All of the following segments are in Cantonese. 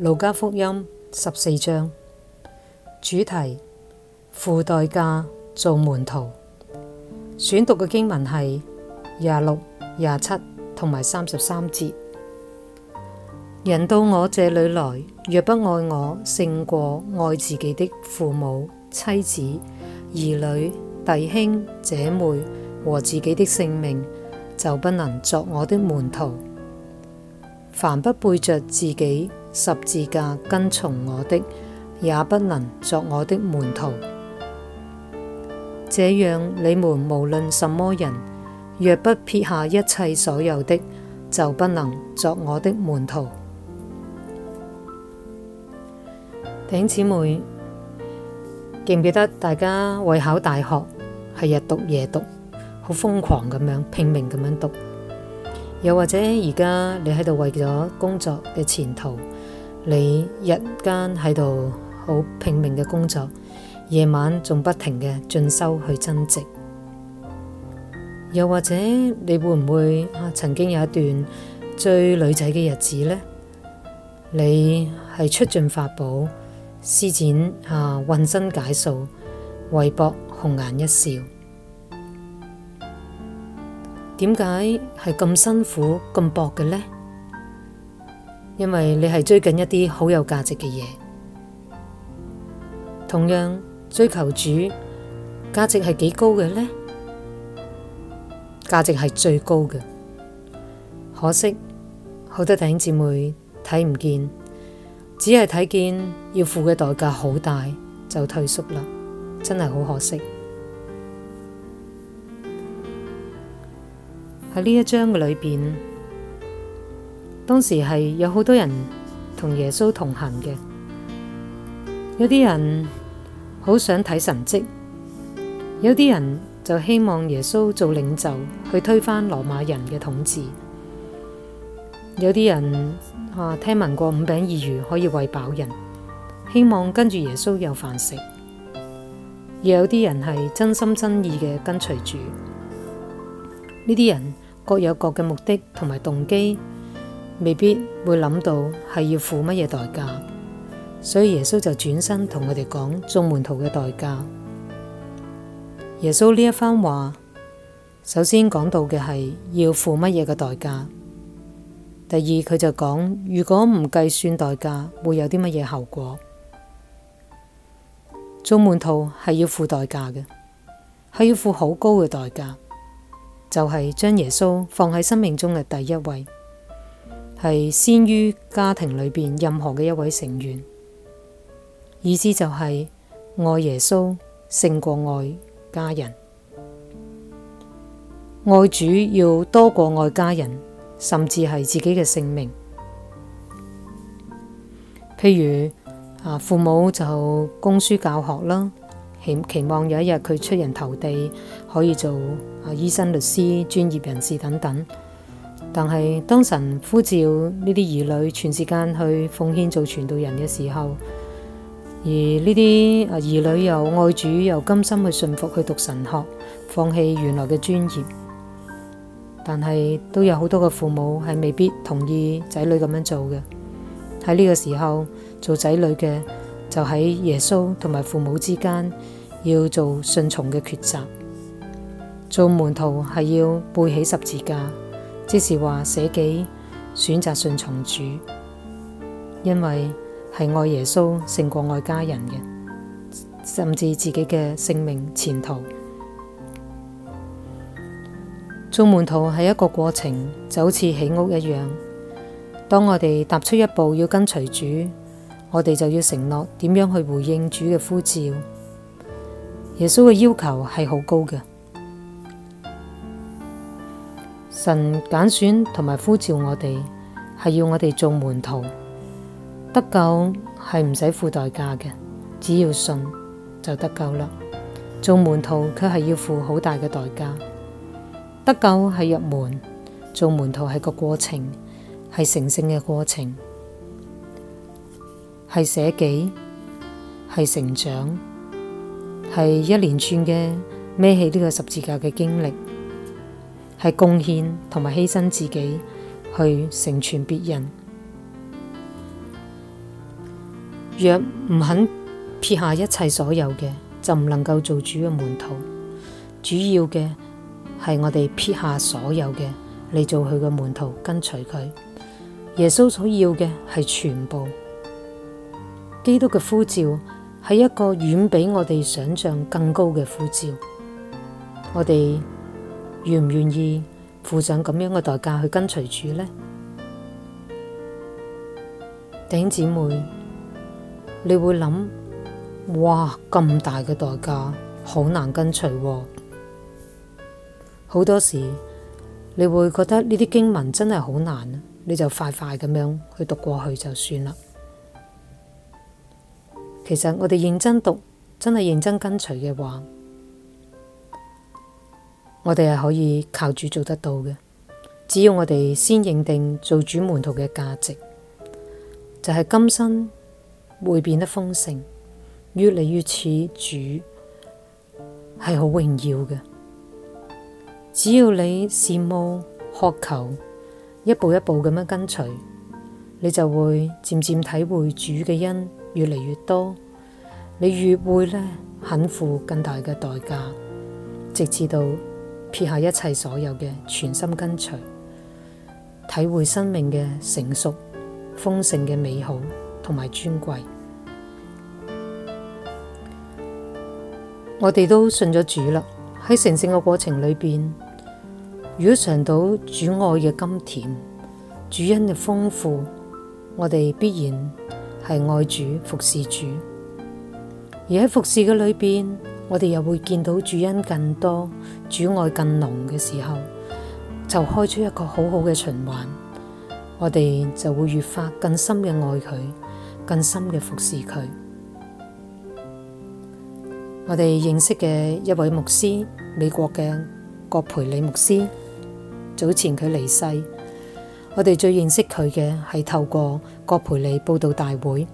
路加福音十四章主題：付代價，做門徒。選讀嘅經文係廿六、廿七同埋三十三節。人到我這裏來，若不愛我勝過愛自己的父母、妻子、兒女、弟兄、姐妹和自己的性命，就不能作我的門徒。凡不背着自己十字架跟從我的，也不能作我的門徒。這樣你們無論什麼人，若不撇下一切所有的，就不能作我的門徒。弟兄姊妹，記唔記得大家為考大學係日讀夜讀，好瘋狂咁樣拼命咁樣讀？又或者而家你喺度為咗工作嘅前途？你日間喺度好拼命嘅工作，夜晚仲不停嘅進修去增值。又或者你會唔會啊曾經有一段追女仔嘅日子呢？你係出盡法寶，施展啊渾身解數，為博紅顏一笑。點解係咁辛苦咁搏嘅呢？因為你係追緊一啲好有價值嘅嘢，同樣追求主價值係幾高嘅呢？價值係最高嘅。可惜好多弟兄姊妹睇唔見，只係睇見要付嘅代價好大就退縮啦，真係好可惜。喺呢一章嘅裏邊。當時係有好多人同耶穌同行嘅，有啲人好想睇神跡，有啲人就希望耶穌做領袖去推翻羅馬人嘅統治，有啲人啊，聽聞過五餅二魚可以餵飽人，希望跟住耶穌有飯食，而有啲人係真心真意嘅跟隨主。呢啲人各有各嘅目的同埋動機。未必會諗到係要付乜嘢代價，所以耶穌就轉身同我哋講做門徒嘅代價。耶穌呢一番話，首先講到嘅係要付乜嘢嘅代價，第二佢就講如果唔計算代價會有啲乜嘢後果。做門徒係要付代價嘅，係要付好高嘅代價，就係將耶穌放喺生命中嘅第一位。係先於家庭裏邊任何嘅一位成員，意思就係愛耶穌勝過愛家人，愛主要多過愛家人，甚至係自己嘅性命。譬如啊，父母就供書教學啦，期期望有一日佢出人頭地，可以做啊醫生、律師、專業人士等等。但係，當神呼召呢啲兒女全時間去奉獻做傳道人嘅時候，而呢啲啊兒女又愛主又甘心去信服去讀神學，放棄原來嘅專業，但係都有好多嘅父母係未必同意仔女咁樣做嘅。喺呢個時候，做仔女嘅就喺耶穌同埋父母之間要做順從嘅抉擇，做門徒係要背起十字架。即是話捨己選擇順從主，因為係愛耶穌勝過愛家人嘅，甚至自己嘅性命前途。做門徒係一個過程，就好似起屋一樣。當我哋踏出一步要跟隨主，我哋就要承諾點樣去回應主嘅呼召。耶穌嘅要求係好高嘅。神揀選同埋呼召我哋，係要我哋做門徒。得救係唔使付代價嘅，只要信就得救啦。做門徒卻係要付好大嘅代價。得救係入門，做門徒係個過程，係成聖嘅過程，係捨己，係成長，係一連串嘅孭起呢個十字架嘅經歷。係貢獻同埋犧牲自己去成全別人。若唔肯撇下一切所有嘅，就唔能夠做主嘅門徒。主要嘅係我哋撇下所有嘅嚟做佢嘅門徒，跟隨佢。耶穌所要嘅係全部。基督嘅呼召係一個遠比我哋想象更高嘅呼召。我哋。願唔願意付上咁樣嘅代價去跟隨主呢？弟兄姊妹，你會諗，哇，咁大嘅代價，好難跟隨喎。好多時，你會覺得呢啲經文真係好難，你就快快咁樣去讀過去就算啦。其實我哋認真讀，真係認真跟隨嘅話。我哋係可以靠主做得到嘅，只要我哋先認定做主門徒嘅價值，就係今生會變得豐盛，越嚟越似主，係好榮耀嘅。只要你羨慕渴求，一步一步咁樣跟隨，你就會漸漸體會主嘅恩越嚟越多，你越會呢，肯付更大嘅代價，直至到。撇下一切所有嘅，全心跟隨，體會生命嘅成熟、豐盛嘅美好同埋尊貴。我哋都信咗主啦，喺成聖嘅過程裏邊，如果嘗到主愛嘅甘甜、主恩嘅豐富，我哋必然係愛主、服侍主，而喺服侍嘅裏邊。我哋又會見到主恩更多、主愛更濃嘅時候，就開出一個好好嘅循環。我哋就會越發更深嘅愛佢，更深嘅服侍佢。我哋認識嘅一位牧師，美國嘅葛培理牧師，早前佢離世。我哋最認識佢嘅係透過葛培理佈道大會，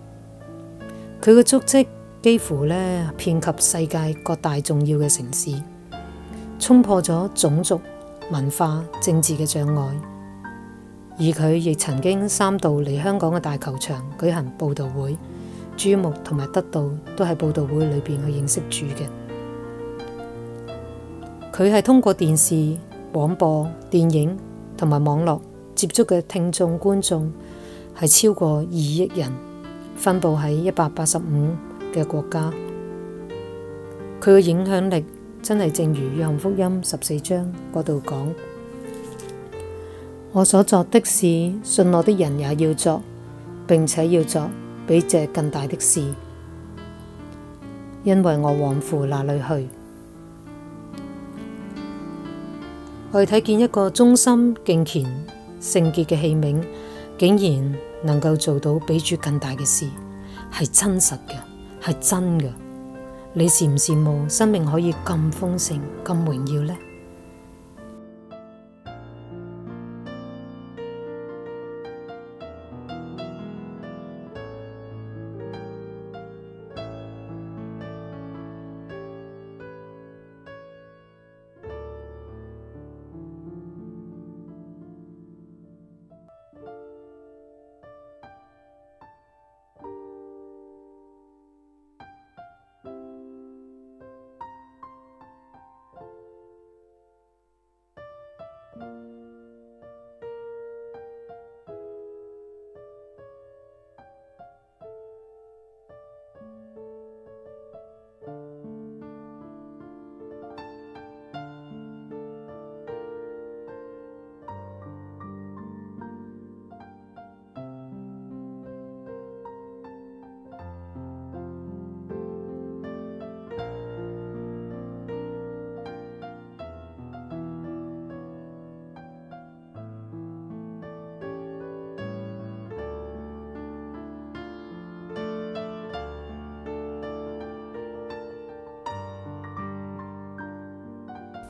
佢嘅足跡。幾乎呢，遍及世界各大重要嘅城市，衝破咗種族、文化、政治嘅障礙。而佢亦曾經三度嚟香港嘅大球場舉行佈道會，注目同埋得到都係佈道會裏邊去認識主嘅。佢係通過電視、廣播、電影同埋網絡接觸嘅聽眾觀眾係超過二億人，分布喺一百八十五嘅國家，佢嘅影響力真係正如《約翰福音》十四章嗰度講：我所作的事，信我的人也要作，並且要作比這更大的事，因為我往父那裏去。我哋睇見一個忠心敬虔、聖潔嘅器皿，竟然能夠做到比主更大嘅事，係真實嘅。係真嘅，你羨唔羨慕生命可以咁豐盛、咁榮耀呢？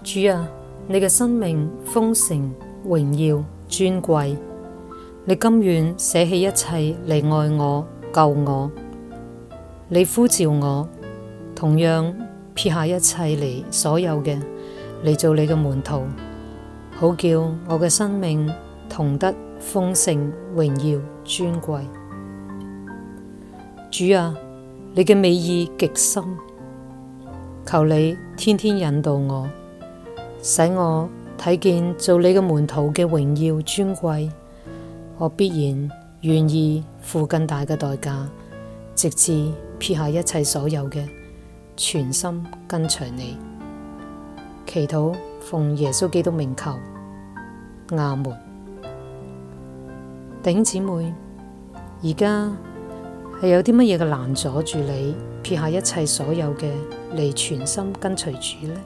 主啊，你嘅生命豐盛、榮耀、尊貴，你甘願捨棄一切嚟愛我、救我，你呼召我同樣撇下一切嚟，所有嘅嚟做你嘅門徒，好叫我嘅生命同得豐盛、榮耀、尊貴。主啊，你嘅美意極深，求你天天引導我。使我睇見做你嘅門徒嘅榮耀尊貴，我必然願意付更大嘅代價，直至撇下一切所有嘅，全心跟隨你。祈禱奉耶穌基督名求，阿門。弟兄姐妹，而家係有啲乜嘢嘅攔阻住你撇下一切所有嘅，嚟全心跟隨主呢？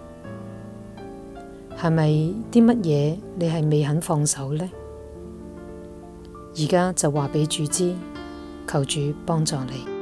係咪啲乜嘢？是是你係未肯放手呢？而家就話俾主知，求主幫助你。